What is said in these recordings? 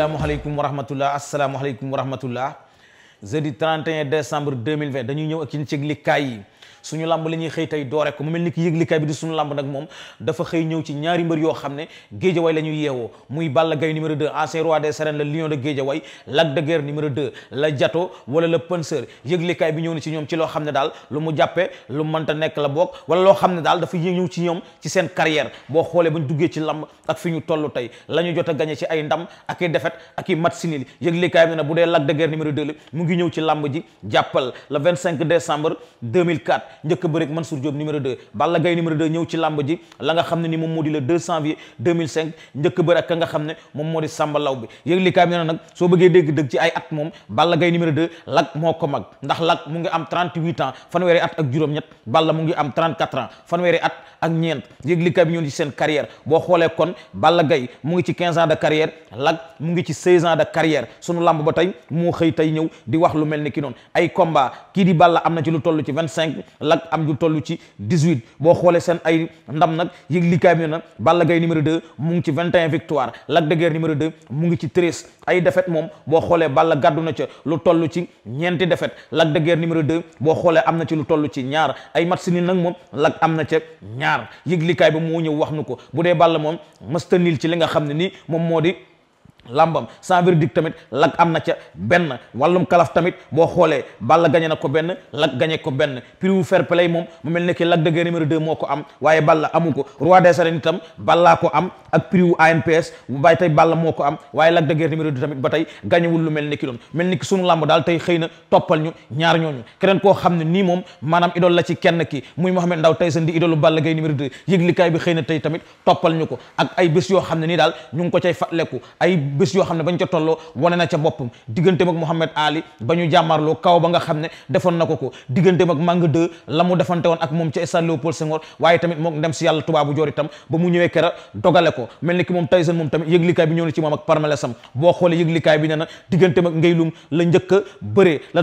asalaamualeykum wa rahmatullah asalaamualeykum wa rahmatullah jeudi 31 décembre 2020 dañuy ñëw ak yéen ci yëglikaay yi suñu làmb la ñuy xëy tey doore ko mu mel ni ki yëglikaay bi di suñu lamb nag moom dafa xëy ñëw ci ñaari mbër yoo xam ne géejawaay la ñuy yeewoo muy Balla Gaye numéro de ancien roi des arènes le lion de géejawaay Lac de Guerre numéro la jato wala le penseur yëglikaay bi ñëw na ci ñoom ci loo xam ne daal lu mu jàppee lu mënta nekk la bokk wala loo xam ne daal dafa ñëw ci ñoom ci seen carrière boo xoolee bañ duggee ci lamb ak fi ñu toll tey la jot a gañe ci ay ndam ak i ak i match nul yëglikaay bi bu dee Lac de numéro 2 la mu ngi ñëw ci lamb ji jàppal le 25 décembre 2004 njëkk bëre ak Mansour Diop numéro 2 Balla gay numéro 2 ñëw ci làmb ji la nga xam ne ni moom moo di le 2 janvier 2005 njëkk bëre ak ka nga xam ne moom moo di Samba Law bi yëg li kaay bi na nag bëggee dégg dëgg ci ay at moom Balla Gaye numéro 2 Lac moo ko mag ndax Lac mu ngi am 38 ans fanweeri at ak juróom-ñett Balla mu ngi am 34 ans fanweeri at ak ñeent yëg li kaay bi ñëw ci seen carrière boo xoolee kon Balla Gaye mu ngi ci 15 ans de carrière Lac mu ngi ci 16 ans de carrière sunu làmb ba tey moo xëy tey ñëw di wax lu mel ni ki noonu ay combat kii di Balla am na ci lu toll ci 25 lak am ju toll ci 18 boo xoolee seen ay ndam nag yëg likaay bi na Balla Gaye numéro 2 mu ngi ci 21 victoire Lac de Guiers numéro 2 mu ngi ci 13 ay défaite moom boo xoolee Balla gàddu na ca lu tollu ci ñeenti défaite lag de Guiers numéro 2 boo xoolee am na ci lu toll ci ñaar ay match nii nag moom Lac am na ca ñaar yëg likaay bi moo ñëw wax nu ko bu dee Balla moom mësta niil ci li nga xam ne nii moom moo di lambam sans verdict tamit lag am na ca benn wàllum kalaf tamit boo xoolee Balla gañe na ko benn lag gañe ko benn prix wu fair play moom mu mel ne ki Lac de Guiers numéro 2 moo ko am waaye Balla amu ko roi des arènes itam Balla ko am ak prix wu ANPS bu bàyyi tey Balla moo ko am waaye Lac de Guiers numéro 2 tamit ba tey gañewul lu mel ni ki loon mel ni ki sunu lamb daal tey xëy na toppal ñu ñaar ñooñu keneen koo xam ne nii moom maanaam idole la ci kenn ki muy Mohamed Ndaw Tyson di idolu Balla Gaye numéro 2 yëglikaay bi xëy na tey tamit toppal ñu ko ak ay bés yoo xam ne nii daal ñu ngi ko cay fàttaleku ay bés yoo xam ne bañ ca tolloo wane na ca boppam diggante mag Mouhamed Ali ba ñu jàmmarloo kaw ba nga xam ne defoon na ko ko diggante mag Manga 2 la mu defante woon ak moom ca stade Léopold Senghor waaye tamit moom ndem si yàlla mel ni ki moom Tyson moom tamit yëglikaay bi ñëw na ci moom ak parmelesam boo xoolee yëglikaay bi ne a bëree le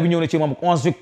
bi ñëw na ci moom ak 11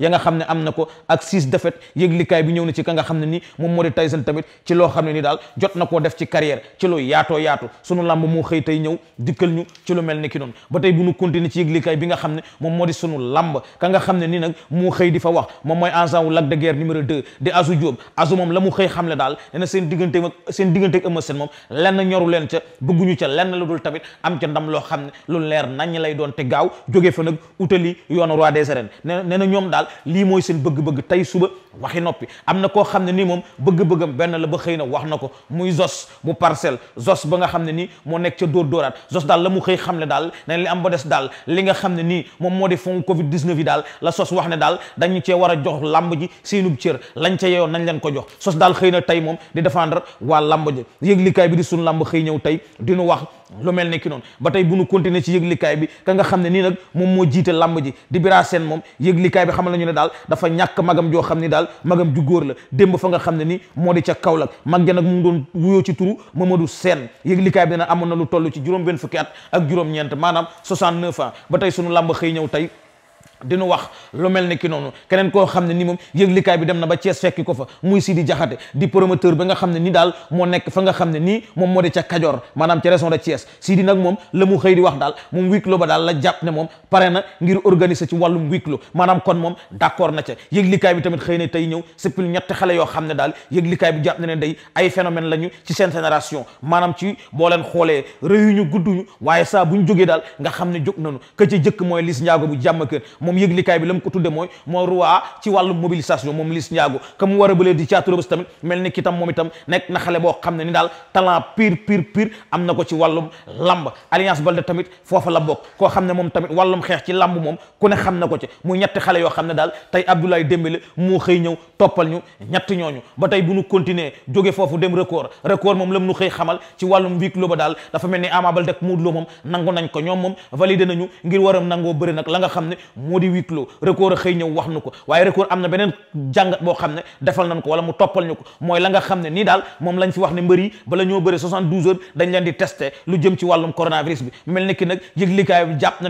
ne am na ko ak 6 défaites bi ñëw na ci ka nga ne ni moom moo di Tyson tamit ci loo xam ne ni daal jot na koo def ci carrière ci lu yaatoo yaatu sunu làmb moo xëy tey ñëw dikkal ñu ci lu mel ni ki noonu ba tey bu ñu continuer ci yëglikaay bi nga xam ne moom moo di sunu làmb ka nga xam ne ni nag moo xëy di fa wax moom mooy agent wu Lac de numéro 2 di Azou Diop Azou moom la mu xëy xam le daal nee seen diggante ak seen diggante ak Eumeu Sène moom lenn ñoru leen ca bëgguñu ca lenn lu tamit am ca ndam loo xam ne lu leer nañ lay doon te gaaw jóge fa nag utali yoonu roi des arènes nee na ñoom daal lii mooy seen bëgg-bëgg tey suba waxi noppi am na koo xam ne nii moom bëgg-bëggam benn la ba xëy na wax na ko muy zos mu parcelle zos ba nga xam ne nii moo nekk ca dóor dóoraat zos daal la mu xëy xam ne daal nañ li am ba des daal li nga xam ne nii moom moo di fond covid 19 yi daal la sos wax ne daal dañu cee war a jox lamb ji seenub cër lañ ca yeyoon nañ leen ko jox sos daal xëy na tey moom di défendre waa lamb ji yëglikaay bi di sun lamb xëy ñëw tey dinu wax lu mel ni ki noonu ba tey bu nu continuer ci yëglikaay bi ka nga xam ne nii nag moom moo jiite làmb ji di biraa seen moom yëglikaay bi xamal nañu ne daal dafa ñàkk magam joo xam ni daal magam ju góor la démb fa nga xam ne ni moo di ca Kaolack mag ja nag mu ngi doon wuyoo ci turu Mamadou Sène yëglikaay bi nag amoon na lu toll ci juróom benn fukki at ak juróom-ñeent maanaam 69 ans ba tey sunu làmb xëy ñëw tey dinu wax lu mel ni ki noonu keneen koo xam ne ni moom yëglikaay bi dem na ba Thiès fekki ko fa muy Sidi Diakhaté di promoteur ba nga xam ne nii daal moo nekk fa nga xam ne nii moom moo di ca Kajoor maanaam ca région de Thiès Sidi nag moom la mu xëy di wax daal moom huis clos ba daal la jàpp ne moom pare na ngir organiser ci wàllum maanaam kon moom d'accord na ca yëglikaay bi tamit xëy na tey ñëw sëppil ñetti xale yoo xam ne daal yëglikaay bi jàpp na ne day ay phénomène lañu ci seen génération maanaam ci boo leen xoolee réyuñu gudduñu waaye saa bu ñu jógee daal nga xam ne jóg nañu ka ca jëkk mooy Liss Ndiago bu jàmm kër moom yëglikaay bi la mu ko tudde mooy moo roi ci wàllu mobilisation moom Liss Ndiago ka mu war a bëlee di caaturobés tamit mel ni ki moom itam nekk na xale boo xam ne ni daal talent pire pire pire am na ko ci wàllum lamb alliance Balde tamit foofa la bokk koo xam ne moom tamit wàllum xeex ci lamb moom ku ne xam na ko ci muy ñetti xale yoo xam ne daal tey Abdoulaye Dembélé moo xëy ñëw toppal ñu ñetti ñooñu ba tey bu ñu continuer jóge foofu dem record record moom lam nu xëy xamal ci wàllum wiik loo daal dafa mel ni Ama Baldé ak Modou Lô moom nangu nañ ko ñoom moom validé nañu ngir waram nangoo bëri nag la nga xam ne di huis clos record a xëy ñëw wax nu ko waaye record am na beneen jàngat boo xam ne defal nañ ko wala mu toppal ñu ko mooy la nga xam ne nii daal moom lañ fi wax ne mbër yi bala ñoo bëre 72 heures dañ leen di testé lu jëm ci wàllum coronavirus bi mu mel ni ki nag yëglikaay bi jàpp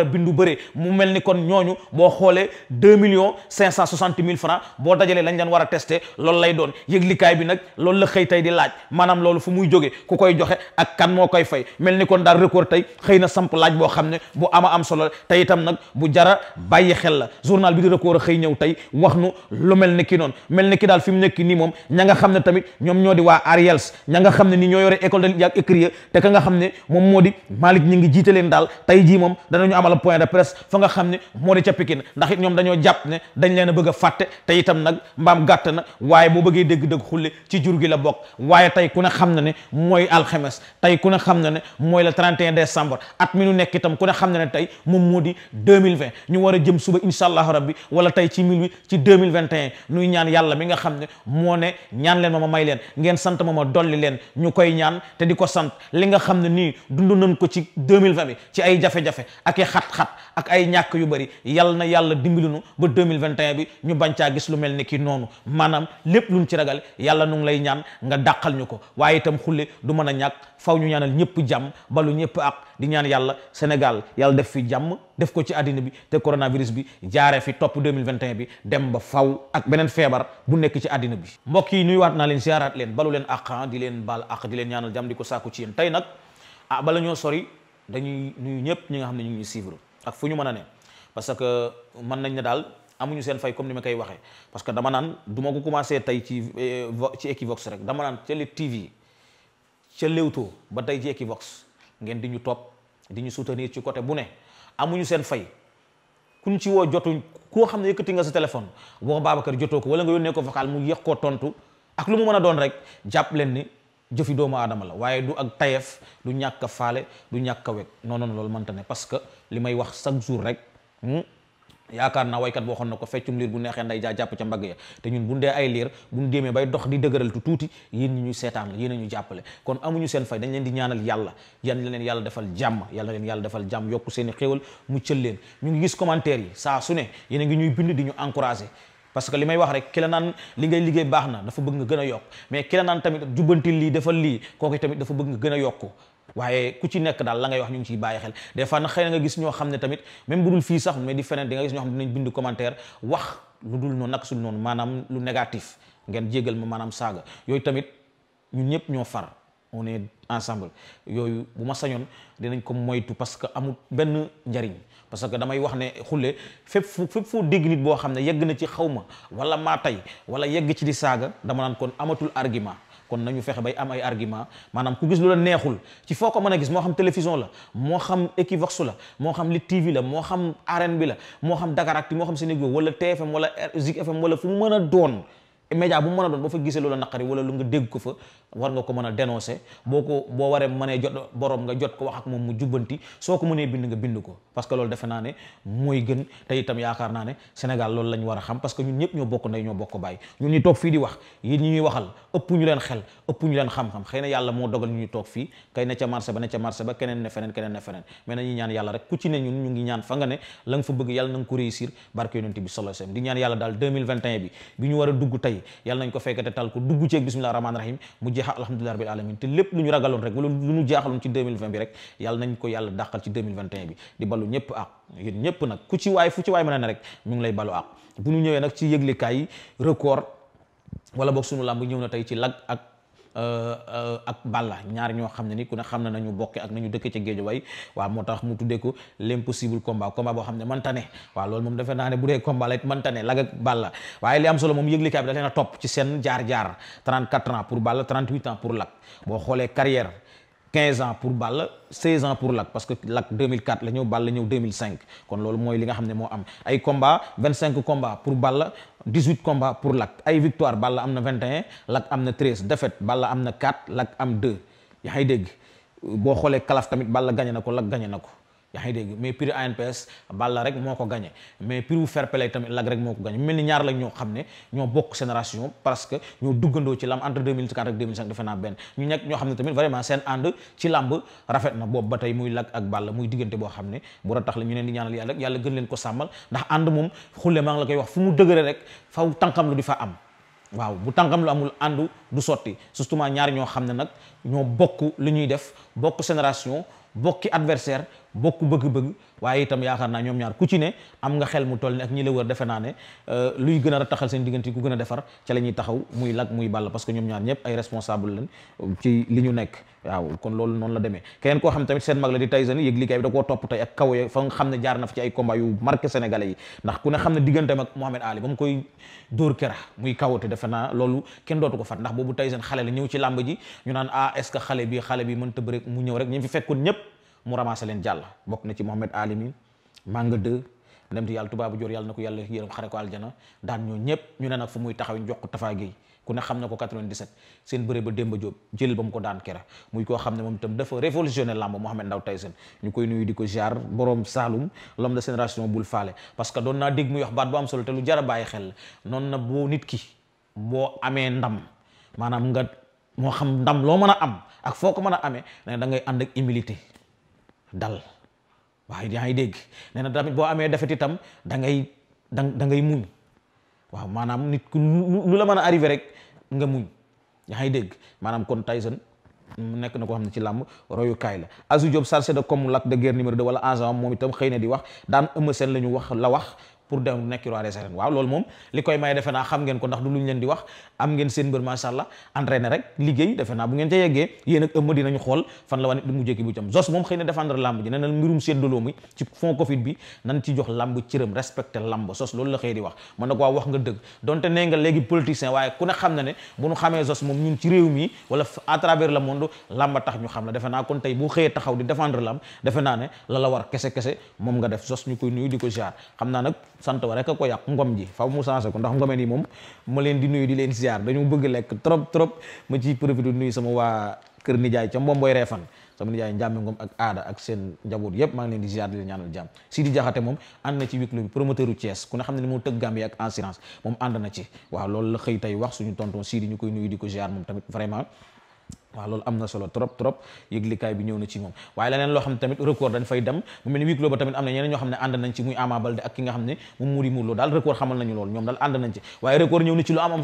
a bindu bëree mu mel ni kon ñooñu boo xoolee 2 millions 560 mille francs boo dajalee lañ leen war a testé loolu lay doon yëglikaay bi nag loolu la xëy tey di laaj maanaam loolu fu muy jóge ku ko joxe ak kan moo koy fay mel ni kon daal record tey na samp laaj boo xam ne bu ama am solo te itam nag bu jara bàyyi xel la journal bi di record a xëy ñëw tey wax nu lu mel ni ki noonu mel ni ki daal fi mu nekk nii moom ña nga xam ne tamit ñoom ñoo di waa Ariels ña nga xam ne nii ñoo yore école de yaag écrier te ka nga xam ne moom moo di Malick ñi ngi jiite leen daal tey jii moom dana danañu amal point de presse fa nga xam ne moo di ca Pikine ndax it ñoom dañoo jàpp ne dañ leen a bëgg fàtte tey itam nag mbaam gàtt na waaye moo bëggee dégg-dëgg xulle ci jur gi la bokk waaye tey ku ne xam na ne mooy alxemes tey ku ne xam na ne mooy le 31 décembre at mi nu xam na moo di 2020 ñu war a jëm suba incha allahu rabbi wala tey ci mil wi ci 2021 nuy ñaan yàlla mi nga xam ne moo ne ñaan leen ma ma may leen ngeen sant ma ma dolli leen ñu koy ñaan te di ko sant li nga xam ne nii dundu nañ ko ci 2020 bi ci ay jafe-jafe ak i xat-xat ak ay ñàkk yu bëri yal na yàlla dimbilinu ba 2021 bi ñu bañ caa gis lu mel ni ki noonu maanaam lépp luñ ci ragal yàlla nu ngi lay ñaan nga dàqal ñu ko waaye itam xulle du mën a ñàkk faw ñu ñaanal ñëpp jàmm balu ñëpp ak di yàlla Sénégal def ko ci àddina bi te coronavirus bi jaaree fi topp 2021 bi dem ba faw ak beneen feebar bu nekk ci àddina bi mbokk yi nuyuwaat naa leen ziaraat leen balu leen àq ah, di leen baal àq di leen ñaanal jàmm di ko sàkku ci yéen tey nag ah bala ñoo sori dañuy nuyu ñëpp ñi nga xam ne ñu ngi suivre ñu mën a ne parce que mën nañ ne daal amuñu seen fay comme ni ma koy waxee parce que dama naan du ma ko tey ci eh, ci Equivox rek dama naan ca Leewtoo TV ca Leewtoo ba tey ci Equivox ngeen di ñu topp di ñu soutenir ci côté bu ne amuñu seen fay kuñ ci woo jotuñ koo xam ne yëkkati nga sa téléphone boo Babacar jotoo ko wala nga yónnee ko vocal mu yéex koo tontu ak lu mu mën a doon rek jàpp leen ni jëfi doomu aadama la waaye du ak tayef du ñàkk a faale du ñàkk a weg loolu mënta ne parce que li may wax chaque jour rek hmm, yaakaar naa waykat boo xoon na ko feccum liir bu neexee nday jaa jàpp ca mbagg ya te ñun bu dee ay liir bu ñu déemee bay dox di dëgëral tuuti yéen ñi ñu seetaan la yéen a ñu jàppale kon amuñu seen fay dañ leen di ñaanal yàlla yan leen yàlla defal jàmm yàlla leen yàlla defal jàmm yokk seen i xéewal mu cël leen ñu ngi gis commentaire yi saa su ne yéen a ngi ñuy bind di ñu encouragé parce que li may wax rek ki la naan li ngay liggéey baax na dafa bëgg nga gën a yokk mais ki tamit jubbantil lii defal lii kooku tamit dafa bëgg nga gën a yokk waaye ku ci nekk daal la ngay wax ñu ngi ciy bàyyi xel des fois nag xëy na nga gis ñoo xam ne tamit même bu dul fii sax mais di feneen di nga gis ñoo xam ne dinañ bind commentaire wax lu dul noonu nag sul noonu maanaam lu négatif ngeen jégal ma maanaam saaga yooyu tamit ñun ñëpp ñoo far on est ensemble yooyu bu ma sañoon dinañ ko moytu parce que amul benn njariñ parce que damay wax ne xulle fépp fu fépp foo dégg nit boo xam ne yegg na ci xaw ma wala maa tey wala yegg ci di saaga dama naan kon amatul argument kon nañu fexe bay am ay argument maanaam ku gis lu la neexul ci foo ko mën a gis moo xam télévision la moo xam Equivox la moo xam Lit TV la moo xam arène bi la moo xam Dakaractu moo xam Sénégo wala TFM wala Zik FM wala fu mu mën a doon média bu mu mën a doon ba fa gisee loola naqari wala lu nga dégg ko fa war nga ko mën a dénoncer boo ko boo waree mënee jot borom nga jot ko wax ak moom mu jubbanti soo ko mënee bind nga bind ko parce loolu defe naa ne mooy gën te itam yaakaar naa ne Sénégal loolu lañ war a xam parce ñun ñëpp ñoo bokk ndey ñu toog fii na yàlla moo dogal ñu ñuy toog kay na ba na ba keneen ne feneen keneen ne feneen mais nañu ñaan yàlla rek ku ci ne ñun ñu ngi ñaan fa nga ne la fa bëgg yàlla na nga ko réussir barke bi sallallahu alayhi wasallam di ñaan yàlla jeexal alhamdulilah rabbil alamin te lépp lu ñu ragaloon rek wala lu ñu jaaxaloon ci 2020 bi rek yàlla nañ ko yàlla dàqal ci 2021 bi di balu ñëpp ak yéen ñëpp nag ku ci waay fu ci waay mën rek ñu ngi balu ak bu ñu ñëwee nag ci yëglekaay yi record wala boog sunu làmb ñëw na tey ci lag ak Euh, euh, ak Balla ñaar ñoo xam ne ni ku ne xam na nañu bokke ak nañu dëkk ca Géejawaay waa moo tax mu tuddee ko l'impossible combat combat boo xam ne mënta ne waaw loolu moom defe naa ne bu dee combat la it mënta ne Lac ak Balla waaye li am solo moom yëglikaay bi da leen a topp ci seen jaar-jaar 34 ans pour Balla 38 ans pour Lac boo xoolee carrière 15 ans pour Balla 16 ans pour Lac parce que Lac 2004 la ñëw Balla ñëw 2005 kon loolu mooy li nga xam ne moo am ay combats 25 combats pour Balla 18 combats pour Lac ay victoire Balla am na 21 Lac am na 13 défaite Balla am na 4 Lac am 2 yaa ngi dégg boo xoolee kalaf tamit Balla gagné na ko Lac gagné na ko. yaa ngi dégg mais prix ANPS Balla rek moo ko gagné mais prix bu fair play tamit lag rek moo ko gagné mel ni ñaar la ñoo xam ne ñoo bokk génération parce que ñoo duggandoo ci lamb entre 2004 ak 2005 defe naa benn ñu nekk ñoo xam seen ànd ci lamb na boobu ba tey muy Lac ak Balla muy diggante boo xam ne bu ra tax la ñu leen di ñaanal yàlla yàlla gën leen ko sàmmal ndax ànd moom xulle maa ngi koy wax fu mu dëgëre rek faw tànkam lu di fa am waaw bu tànkam lu amul àndu du sotti surtout ñaar ñoo xam ne nag ñoo bokk lu ñuy def bokk génération bokki adversaire bokku bëgg-bëgg waaye itam yaakaar naa ñoom ñaar ku ci ne am nga xel mu toll ni ak ñi la wër naa ne euh, luy gën a rataxal seen diggante ku gën a defar la ñuy taxaw muy Lac muy Balla parce que ñoom ñaar ñëpp ay euh, li ñu nekk waaw kon loolu noonu la demee keneen koo xam tamit seen mag la tey ak kaw ya fa nga xam ne na fa ci ay combat yu marqué ne xam ne diggante mag Mohamed mu koy defe naa loolu kenn dootu ko fat ndax boobu Tyson xale ñëw ci làmb ji ñu naan ah est ce que xale bi xale bi mënta bëre mu ñëw rek ñi fi fekkoon ñëpp mu ramassé leen jàll bokk na ci Mohamed Alimi Manga 2 dem ti yàlla tubaabu joor yàlla na ko yàlla yërëm xare ko aljana daan ñoo ñëpp ñu ne nag fu muy taxaw ñu jox ko Tafa ku ne xam na ko 97 seen bëre ba Demba Diop jël ba mu ko daan kera muy koo xam ne moom itam dafa révolutionné làmb Mohamed Ndao Tyson ñu koy nuyu di ko ziar borom Saloum l'homme de génération bul faale parce que doon naa dégg muy wax baat bu am solo te lu jar noonu na boo nit ki boo amee ndam maanaam nga moo xam ndam loo mën a am ak foo ko mën a amee da ngay ànd ak humilité dal waaw yaa ngi dégg nee na tamit boo amee defet itam da ngay da da ngay muñ waaw maanaam nit ku lu la mën a arrivé rek nga muñ yaa ngi dégg maanaam kon Tyson nekk na koo xam ne ci làmb royukaay la Azou Diop chargé de comme Lac de Guiers numéro 2 wala agent moom itam xëy na di wax daan Eumeu seen la ñu wax la wax pour dem nekk roi des arènes waaw loolu moom li koy may defe naa xam ngeen ko ndax du luñ leen di wax am ngeen seen mbër macha allah entraîné rek liggéey defe naa bu ngeen ca yeggee yéen ak ëmma dinañu xool fan la wane di mujjee bu ci fond wax man nag waaw wax nga dëgg donte nee nga léegi ne xam na ne bu ñu xamee jos moom xam la defe naa kon tey bu xëyee taxaw di défendre lamb defe naa ne la la war kese kese moom nga def jos ñu koy nuyu di ko jaar xam naa nag sant wa rek ko yàq ngom ji faw mu changé ko ndax ngome nii moom ma leen di nuyu di leen ziar dañu bëgg lekk trop trop ma ciy profité nuyu sama waa kër nijaay ca mbomboy reefan sama nijaay njàmmi ngom ak aada ak seen njaboot yépp maa ngi leen di ziar di leen ñaanal jàmm Sidi Jaxate moom ànd na ci huis promoteur u Thiès ku ne xam ne ni moo tëgg Gambie ak assurance moom ànd na ci waaw loolu xëy tey wax suñu tonton Sidi ñu koy nuyu di ko moom tamit vraiment waaw loolu am na solo trop trop yëglikaay bi ñëw na ci moom waaye leneen loo xam ne tamit record dañ fay dem mu mel ni huis clos ba tamit am na ñeneen ñoo xam ne ànd nañ ci muy Ama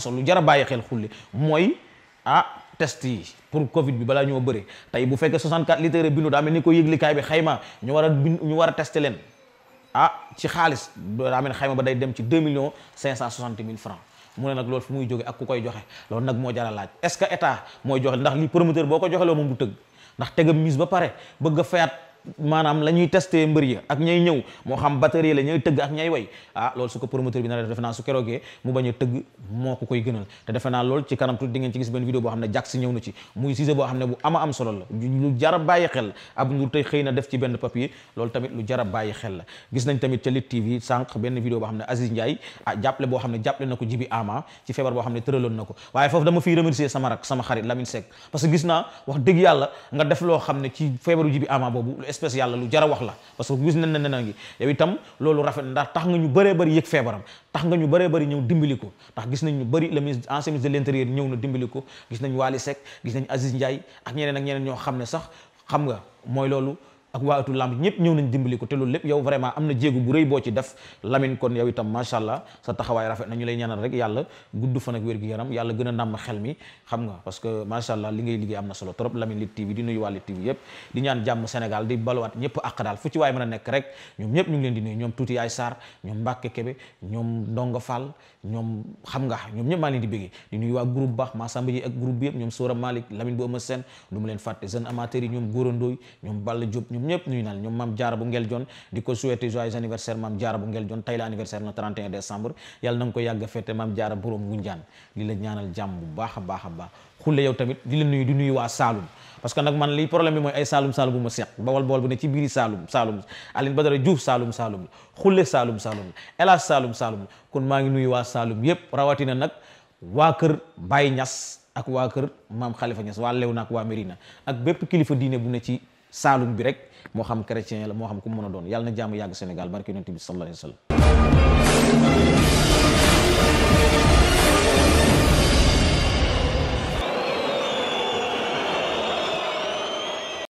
solo lu jar a bàyyi xel xulli mooy ah, test yi pour covid bi balaa ñoo bëre tey bu fekkee 64 litres bindu daa mel ni ko yëglikaay bi xayma ñu war a bind ñu war a testé leen ah ci xaalis daa mel ni ba day dem ci 2 millions 560 mille francs mu ne nag loolu fu muy jóge ak ku koy joxe loolu nag moo jar a laaj est-ce que état mooy joxe ndax li promoteur boo ko joxe loo moom du tëgg ndax tegam mise ba pare bëgg a fayaat maanaam la ñuy testé ak ñay ñëw moo xam batterie la ñay tëgg ak ñay way ah loolu su ko promoteur bi na defe naa su keroogee mu bañ a tëgg moo ko koy gënal te defe naa loolu ci kanam tuuti di ngeen ci gis benn vidéo boo xam ne jàk si ñëw boo xam ne bu ah na ko jibi ama ci feebar boo xam ne tëraloon na ko waaye foofu dama fiy remercier sama rak sama xarit Lamine Seck parce gis naa wax dëgg yàlla nga def loo xam ne ci feebaru jibi ama boobu spécial la lu jar a wax la parce que gis nañ ne na ngi yow itam loolu rafet ndax tax nga ñu bëree bëri yëg feebaram tax nga ñu bëree bëri ñëw dimbali ko ndax gis nañ ñu bëri le ministre ancien de l'intérieur ñëw na dimbali ko gis nañ Waly gis nañ Aziz Ndiaye ak ñeneen ak ñeneen ñoo xam ne sax xam nga mooy loolu ak waa ëttu lamb ñëpp ñëw nañ dimbali ko te loolu lépp yow vraiment am na jéego bu rëy boo ci def Lamine kon yow itam macha allah sa taxawaay rafet na lay ñaanal rek yàlla gudd fan ak wér yaram yàlla gën a nàmm xel mi xam nga parce que allah li ngay liggéey am na solo trop Lamine Lutte TV di nuyu jàmm Sénégal di baluwaat ñëpp àq daal fu ci waay mën a nekk rek ñoom ñëpp ñu leen di nuyu ñoom tuuti yaay Sarr ñoom Mbacke Kebe ñoom Donga Fall ñoom ñëpp nuyu naa leen ñoom maam jaara bu ngel jon di ko souhaiter joyeux anniversaire maam jaara bu ngel jon tey anniversaire na 31 décembre yàlla na nga ko yàgg a fête maam jaara boroom ngunjaan li la ñaanal jàmm bu baax a baax a baax xulle yow tamit di la nuyu di nuyu waa saalum parce que nag ma la xulle saalum saalum la El Hadj maa ngi nuyu waa saalum yépp rawatina nag waa kër Baye Niass ak waa kër maam Khalifa Niass waa lew na ak waa Mérina ak bépp kilifa diine bu ne ci saalum bi rek moo xam chrétien la moo xam ku mën a doon yàlla na jàmm yàgg Sénégal barke yonent bi sallallahu alayhi wa sallam